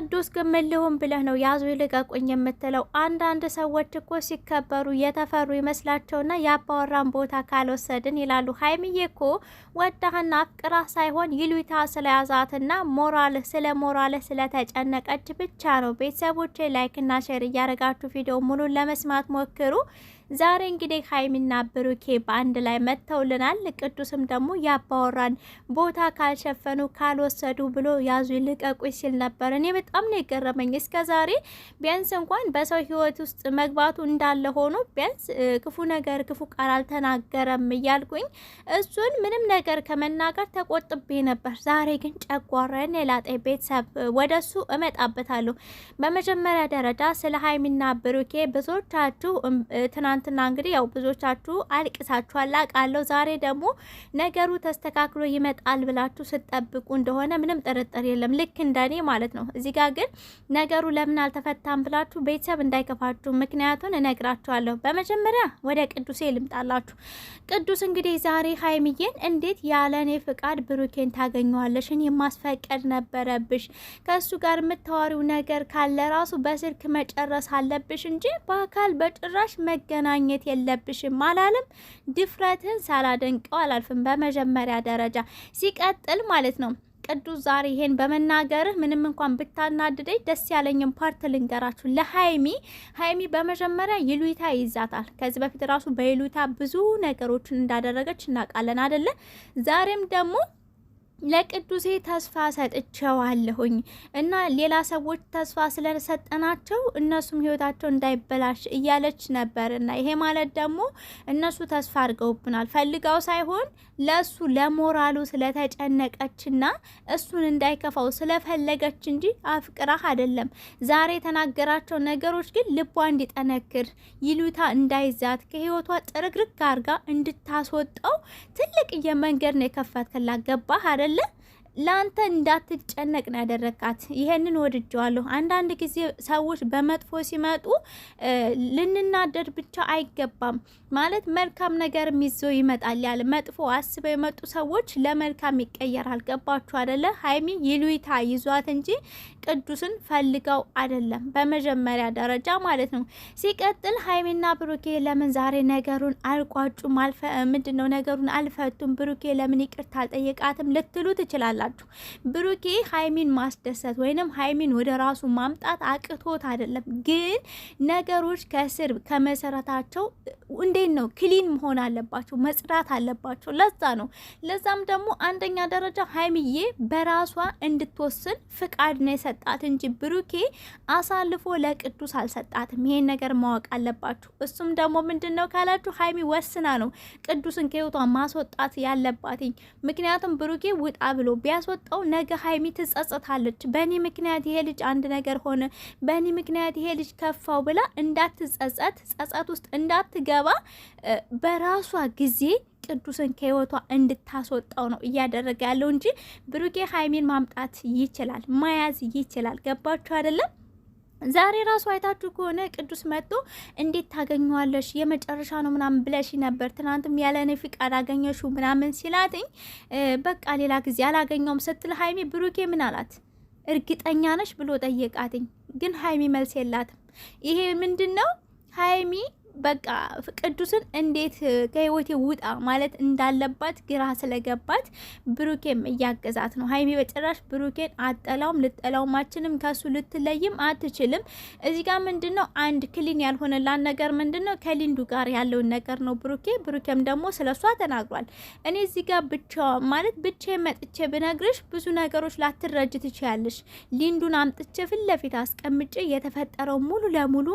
ቅዱስ ግን ምን ብለህ ነው ያዙ ይልቀቁኝ የምትለው? አንዳንድ ሰዎች እኮ ሲከበሩ የተፈሩ ይመስላቸውና የአባወራን ቦታ ካልወሰድን ይላሉ። ሀይምዬ እኮ ወዳህና አፍቅራ ሳይሆን ይሉኝታ ስለያዛትና ሞራልህ ስለ ሞራልህ ስለተጨነቀች ብቻ ነው። ቤተሰቦቼ ላይክና ሼር እያደረጋችሁ ቪዲዮ ሙሉን ለመስማት ሞክሩ። ዛሬ እንግዲህ ሀይሚና ብሩኬ በአንድ ላይ መጥተውልናል። ቅዱስም ደግሞ ያባወራን ቦታ ካልሸፈኑ ካልወሰዱ ብሎ ያዙ ልቀቁኝ ሲል ነበር። እኔ በጣም ነው የገረመኝ። እስከ ዛሬ ቢያንስ እንኳን በሰው ህይወት ውስጥ መግባቱ እንዳለ ሆኖ ቢያንስ ክፉ ነገር ክፉ ቃል አልተናገረም እያልኩኝ እሱን ምንም ነገር ከመናገር ተቆጥቤ ነበር። ዛሬ ግን ጨጓረን የላጤ ቤተሰብ ወደ እሱ እመጣበታለሁ። በመጀመሪያ ደረጃ ስለ ሀይሚና ብሩኬ ብዙዎቻችሁ ትናንት ትናንትና እንግዲህ ያው ብዙዎቻችሁ አልቅሳችኋል አውቃለሁ። ዛሬ ደግሞ ነገሩ ተስተካክሎ ይመጣል ብላችሁ ስትጠብቁ እንደሆነ ምንም ጥርጥር የለም። ልክ እንደኔ ማለት ነው። እዚህ ጋር ግን ነገሩ ለምን አልተፈታም ብላችሁ ቤተሰብ እንዳይከፋችሁ፣ ምክንያቱን እነግራችኋለሁ። በመጀመሪያ ወደ ቅዱሴ ልምጣላችሁ። ቅዱስ እንግዲህ ዛሬ ሀይሚዬን እንዴት ያለኔ ፍቃድ ብሩኬን ታገኘዋለሽን? የማስፈቀድ ነበረብሽ ከእሱ ጋር የምታወሪው ነገር ካለ ራሱ በስልክ መጨረስ አለብሽ እንጂ በአካል በጭራሽ መገና መገናኘት የለብሽም አላለም። ድፍረትን ሳላደንቀው አላልፍም በመጀመሪያ ደረጃ። ሲቀጥል ማለት ነው ቅዱስ ዛሬ ይሄን በመናገርህ ምንም እንኳን ብታናድደኝ ደስ ያለኝን ፓርት ልንገራችሁ። ለሀይሚ ሀይሚ በመጀመሪያ ይሉኝታ ይዛታል። ከዚህ በፊት ራሱ በይሉኝታ ብዙ ነገሮችን እንዳደረገች እናውቃለን አደለ? ዛሬም ደግሞ ለቅዱሴ ተስፋ ሰጥቼዋለሁኝ እና ሌላ ሰዎች ተስፋ ስለሰጠናቸው እነሱም ህይወታቸው እንዳይበላሽ እያለች ነበር። እና ይሄ ማለት ደግሞ እነሱ ተስፋ አድርገውብናል ፈልጋው ሳይሆን ለእሱ ለሞራሉ ስለተጨነቀችና እሱን እንዳይከፋው ስለፈለገች እንጂ አፍቅራህ አይደለም። ዛሬ የተናገራቸው ነገሮች ግን ልቧ እንዲጠነክር ይሉታ እንዳይዛት ከህይወቷ ጥርግርግ አርጋ እንድታስወጣው ትልቅ የመንገድ ነው የከፈትክላት። ገባህ አይደል? ولا ለአንተ እንዳትጨነቅ ነው ያደረግካት። ይሄንን ወድጀዋለሁ። አንዳንድ ጊዜ ሰዎች በመጥፎ ሲመጡ ልንናደድ ብቻ አይገባም። ማለት መልካም ነገርም ይዘው ይመጣል። ያለ መጥፎ አስበው የመጡ ሰዎች ለመልካም ይቀየራል። ገባችሁ አደለ? ሀይሚ ይሉይታ ይዟት እንጂ ቅዱስን ፈልገው አደለም፣ በመጀመሪያ ደረጃ ማለት ነው። ሲቀጥል ሀይሚና ብሩኬ ለምን ዛሬ ነገሩን አልቋጩም? ምንድን ነው ነገሩን አልፈቱም? ብሩኬ ለምን ይቅርታ አልጠየቃትም ልትሉ ትችላለ ትችላላችሁ። ብሩኬ ሀይሚን ማስደሰት ወይንም ሀይሚን ወደ ራሱ ማምጣት አቅቶት አይደለም፣ ግን ነገሮች ከስር ከመሰረታቸው እንዴት ነው ክሊን መሆን አለባቸው፣ መጽዳት አለባቸው። ለዛ ነው ለዛም ደግሞ አንደኛ ደረጃ ሀይሚዬ በራሷ እንድትወስን ፍቃድ ነው የሰጣት እንጂ ብሩኬ አሳልፎ ለቅዱስ አልሰጣትም። ይሄን ነገር ማወቅ አለባችሁ። እሱም ደግሞ ምንድን ነው ካላችሁ ሀይሚ ወስና ነው ቅዱስን ከህይወቷ ማስወጣት ያለባትኝ። ምክንያቱም ብሩኬ ውጣ ብሎ ቢያስወጣው ነገ ሀይሚ ትጸጸታለች። በእኔ ምክንያት ይሄ ልጅ አንድ ነገር ሆነ፣ በእኔ ምክንያት ይሄ ልጅ ከፋው ብላ እንዳትጸጸት፣ ጸጸት ውስጥ እንዳትገባ በራሷ ጊዜ ቅዱስን ከህይወቷ እንድታስወጣው ነው እያደረገ ያለው እንጂ ብሩኬ ሀይሚን ማምጣት ይችላል፣ መያዝ ይችላል። ገባችሁ አይደለም? ዛሬ ራሱ አይታችሁ ከሆነ ቅዱስ መጥቶ እንዴት ታገኘዋለሽ የመጨረሻ ነው ምናምን ብለሽ ነበር። ትናንትም ያለን ፍቃድ አገኘሹ ምናምን ሲላትኝ በቃ ሌላ ጊዜ አላገኘውም ስትል ሀይሚ ብሩኬ ምን አላት? እርግጠኛ ነሽ ብሎ ጠየቃትኝ። ግን ሀይሚ መልስ የላትም። ይሄ ምንድን ነው ሀይሚ በቃ ቅዱስን እንዴት ከህይወቴ ውጣ ማለት እንዳለባት ግራ ስለገባት ብሩኬም እያገዛት ነው። ሀይሚ በጭራሽ ብሩኬን አጠላውም፣ ልጠላውም ከሱ ልትለይም አትችልም። እዚህ ጋር ምንድን ነው አንድ ክሊን ያልሆነላን ነገር ምንድን ነው ከሊንዱ ጋር ያለውን ነገር ነው ብሩኬ። ብሩኬም ደግሞ ስለ እሷ ተናግሯል። እኔ እዚህ ጋር ብቻ ማለት ብቻ መጥቼ ብነግርሽ ብዙ ነገሮች ላትረጅ ትችያለሽ። ሊንዱን አምጥቼ ፊት ለፊት አስቀምጬ የተፈጠረው ሙሉ ለሙሉ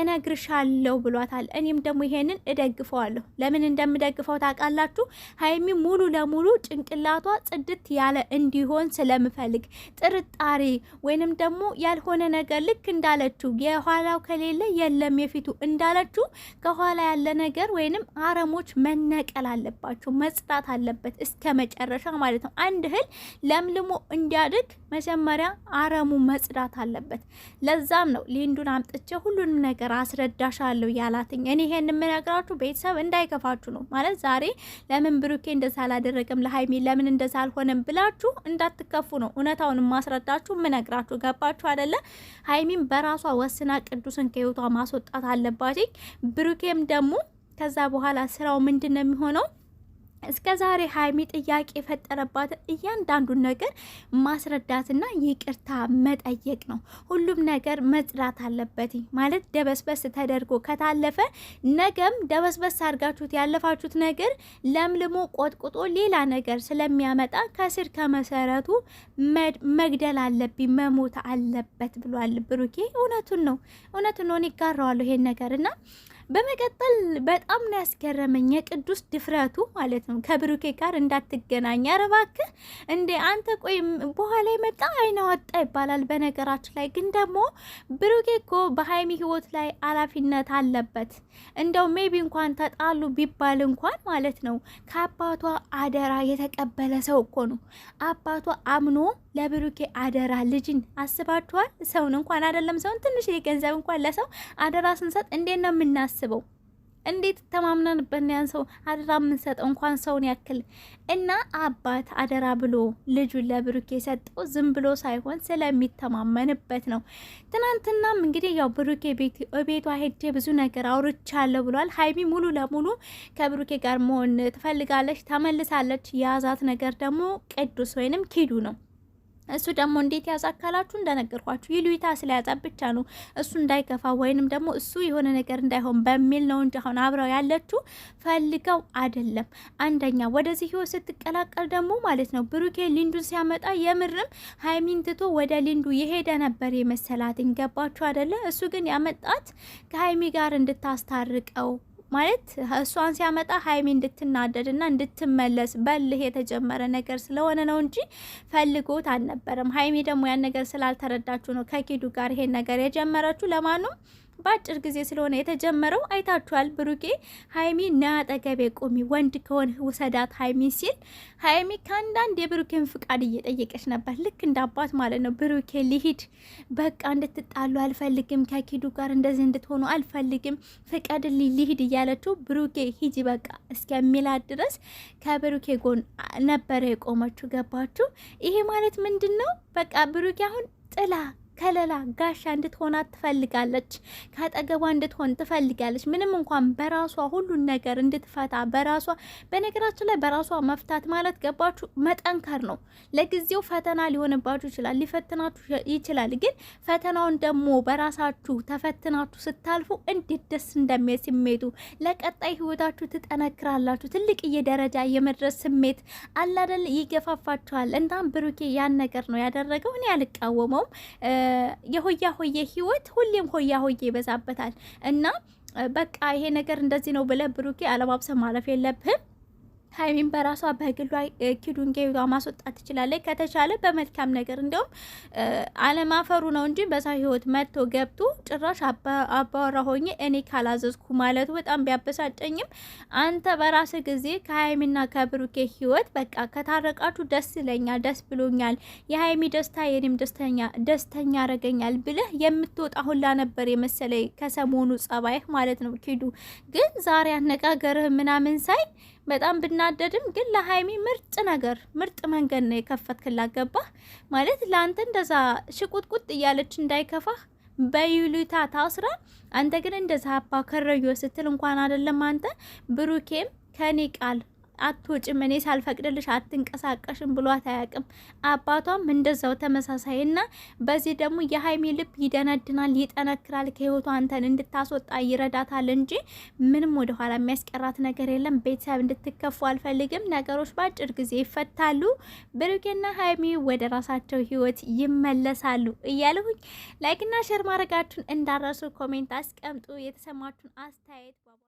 እነግርሻለሁ ብሏታል። ይገባል። እኔም ደግሞ ይሄንን እደግፈዋለሁ። ለምን እንደምደግፈው ታውቃላችሁ? ሀይሚ ሙሉ ለሙሉ ጭንቅላቷ ጽድት ያለ እንዲሆን ስለምፈልግ ጥርጣሬ ወይንም ደግሞ ያልሆነ ነገር ልክ እንዳለችው የኋላው ከሌለ የለም የፊቱ እንዳለችው ከኋላ ያለ ነገር ወይንም አረሞች መነቀል አለባቸው፣ መጽዳት አለበት እስከ መጨረሻ ማለት ነው። አንድ እህል ለምልሞ እንዲያድግ መጀመሪያ አረሙ መጽዳት አለበት። ለዛም ነው ሊንዱን አምጥቼ ሁሉንም ነገር አስረዳሻለሁ ያላት ናትኝ። እኔ ይሄን የምነግራችሁ ቤተሰብ እንዳይከፋችሁ ነው ማለት ዛሬ ለምን ብሩኬ እንደዛ አላደረገም ለሀይሜ ለምን እንደዛ አልሆነም ብላችሁ እንዳትከፉ ነው እውነታውን ማስረዳችሁ የምነግራችሁ። ገባችሁ አደለ? ሀይሚም በራሷ ወስና ቅዱስን ከህይወቷ ማስወጣት አለባችኝ። ብሩኬም ደግሞ ከዛ በኋላ ስራው ምንድን ነው የሚሆነው? እስከ ዛሬ ሀይሚ ጥያቄ የፈጠረባት እያንዳንዱን ነገር ማስረዳትና ይቅርታ መጠየቅ ነው። ሁሉም ነገር መጽዳት አለበት ማለት ደበስበስ ተደርጎ ከታለፈ ነገም ደበስበስ አድርጋችሁት ያለፋችሁት ነገር ለምልሞ ቆጥቁጦ ሌላ ነገር ስለሚያመጣ ከስር ከመሰረቱ መግደል አለብኝ መሞት አለበት ብሏል ብሩኬ። እውነቱን ነው እውነቱን ነው። እኔ ይሄን ነገር እና በመቀጠል በጣም ነው ያስገረመኝ የቅዱስ ድፍረቱ ማለት ነው። ከብሩኬ ጋር እንዳትገናኝ ኧረ እንዴ አንተ ቆይ በኋላ የመጣ አይነ ወጣ ይባላል። በነገራችን ላይ ግን ደግሞ ብሩኬ እኮ በሀይሚ ህይወት ላይ ኃላፊነት አለበት። እንደው ሜቢ እንኳን ተጣሉ ቢባል እንኳን ማለት ነው ከአባቷ አደራ የተቀበለ ሰው እኮ ነው አባቷ አምኖ ለብሩኬ አደራ ልጅን አስባችኋል? ሰውን እንኳን አይደለም ሰውን ትንሽ የገንዘብ እንኳን ለሰው አደራ ስንሰጥ እንዴት ነው የምናስበው? እንዴት ተማምነንበት ያን ሰው አደራ የምንሰጠው? እንኳን ሰውን ያክል እና አባት አደራ ብሎ ልጁን ለብሩኬ የሰጠው ዝም ብሎ ሳይሆን ስለሚተማመንበት ነው። ትናንትናም እንግዲህ ያው ብሩኬ ቤቷ ሄጄ ብዙ ነገር አውርቻለሁ ብሏል። ሀይሚ ሙሉ ለሙሉ ከብሩኬ ጋር መሆን ትፈልጋለች። ተመልሳለች። የያዛት ነገር ደግሞ ቅዱስ ወይንም ኪዱ ነው እሱ ደግሞ እንዴት ያዛካላችሁ እንደነገርኳችሁ ይሉኝታ ስለያዛ ብቻ ነው እሱ እንዳይከፋ ወይንም ደግሞ እሱ የሆነ ነገር እንዳይሆን በሚል ነው እንጂ አሁን አብረው ያለችው ፈልገው አይደለም። አንደኛ ወደዚህ ህይወት ስትቀላቀል ደግሞ ማለት ነው ብሩኬ ሊንዱን ሲያመጣ የምርም ሀይሚን ትቶ ወደ ሊንዱ የሄደ ነበር የመሰላት ገባችሁ አይደለ? እሱ ግን ያመጣት ከሀይሚ ጋር እንድታስታርቀው ማለት እሷን ሲያመጣ ሀይሚ እንድትናደድና እንድትመለስ በልህ የተጀመረ ነገር ስለሆነ ነው እንጂ ፈልጎት አልነበረም። ሀይሚ ደግሞ ያን ነገር ስላልተረዳችሁ ነው ከኪዱ ጋር ይሄን ነገር የጀመረችው ለማንም በአጭር ጊዜ ስለሆነ የተጀመረው አይታችኋል። ብሩኬ ሀይሚ ና አጠገቤ ቁሚ፣ ወንድ ከሆን ውሰዳት ሀይሚ ሲል ሀይሚ ከአንዳንድ የብሩኬን ፍቃድ እየጠየቀች ነበር፣ ልክ እንደ አባት ማለት ነው። ብሩኬ ልሂድ፣ በቃ እንድትጣሉ አልፈልግም፣ ከኪዱ ጋር እንደዚህ እንድትሆኑ አልፈልግም፣ ፍቀድልኝ፣ ልሂድ እያለችው ብሩኬ ሂጂ በቃ እስከሚላት ድረስ ከብሩኬ ጎን ነበረ የቆመችው። ገባችሁ? ይሄ ማለት ምንድን ነው? በቃ ብሩኬ አሁን ጥላ ከለላ ጋሻ እንድትሆናት ትፈልጋለች። ከአጠገቧ እንድትሆን ትፈልጋለች። ምንም እንኳን በራሷ ሁሉን ነገር እንድትፈታ በራሷ በነገራችን ላይ በራሷ መፍታት ማለት ገባችሁ መጠንከር ነው። ለጊዜው ፈተና ሊሆንባችሁ ይችላል፣ ሊፈትናችሁ ይችላል። ግን ፈተናውን ደግሞ በራሳችሁ ተፈትናችሁ ስታልፉ እንዴት ደስ እንደሚል ስሜቱ ለቀጣይ ህይወታችሁ ትጠነክራላችሁ። ትልቅዬ ደረጃ የመድረስ ስሜት አላደል ይገፋፋችኋል። እናም ብሩኬ ያን ነገር ነው ያደረገው። እኔ አልቃወመውም። የሆያ ሆዬ ህይወት ሁሌም ሆያ ሆዬ ይበዛበታል እና በቃ ይሄ ነገር እንደዚህ ነው ብለህ ብሩኬ አለባብሰ ማለፍ የለብህም። ሀይሚን በራሷ በግሏ ኪዱን ጌጋ ማስወጣት ትችላለች። ከተቻለ በመልካም ነገር እንዲሁም አለማፈሩ ነው እንጂ በሰው ህይወት መጥቶ ገብቶ ጭራሽ አባወራ ሆኜ እኔ ካላዘዝኩ ማለቱ በጣም ቢያበሳጨኝም አንተ በራስ ጊዜ ከሀይሚና ከብሩኬ ህይወት በቃ ከታረቃችሁ ደስ ይለኛል፣ ደስ ብሎኛል፣ የሀይሚ ደስታ የኔም ደስተኛ ደስተኛ ያረገኛል ብለህ የምትወጣ ሁላ ነበር የመሰለኝ ከሰሞኑ ጸባይህ ማለት ነው። ኪዱ ግን ዛሬ አነጋገርህ ምናምን ሳይ በጣም ብናደድም ግን ለሀይሚ ምርጥ ነገር ምርጥ መንገድ ነው የከፈትክላት። ገባህ ማለት ለአንተ እንደዛ ሽቁጥቁጥ እያለች እንዳይከፋህ በዩሉታ ታስራ፣ አንተ ግን እንደዛ አባ ከረዮ ስትል እንኳን አይደለም አንተ ብሩኬም ከኔ ቃል አትወጭም፣ እኔ ሳልፈቅድልሽ አትንቀሳቀሽም ብሏት አያውቅም። አባቷም እንደዛው ተመሳሳይ እና በዚህ ደግሞ የሀይሚ ልብ ይደነድናል፣ ይጠነክራል። ከህይወቷ አንተን እንድታስወጣ ይረዳታል እንጂ ምንም ወደኋላ የሚያስቀራት ነገር የለም። ቤተሰብ እንድትከፉ አልፈልግም። ነገሮች በአጭር ጊዜ ይፈታሉ። ብሩኬና ሀይሚ ወደ ራሳቸው ህይወት ይመለሳሉ እያለሁኝ ላይክና ሸር ማድረጋችሁን እንዳረሱ ኮሜንት አስቀምጡ የተሰማችሁን አስተያየት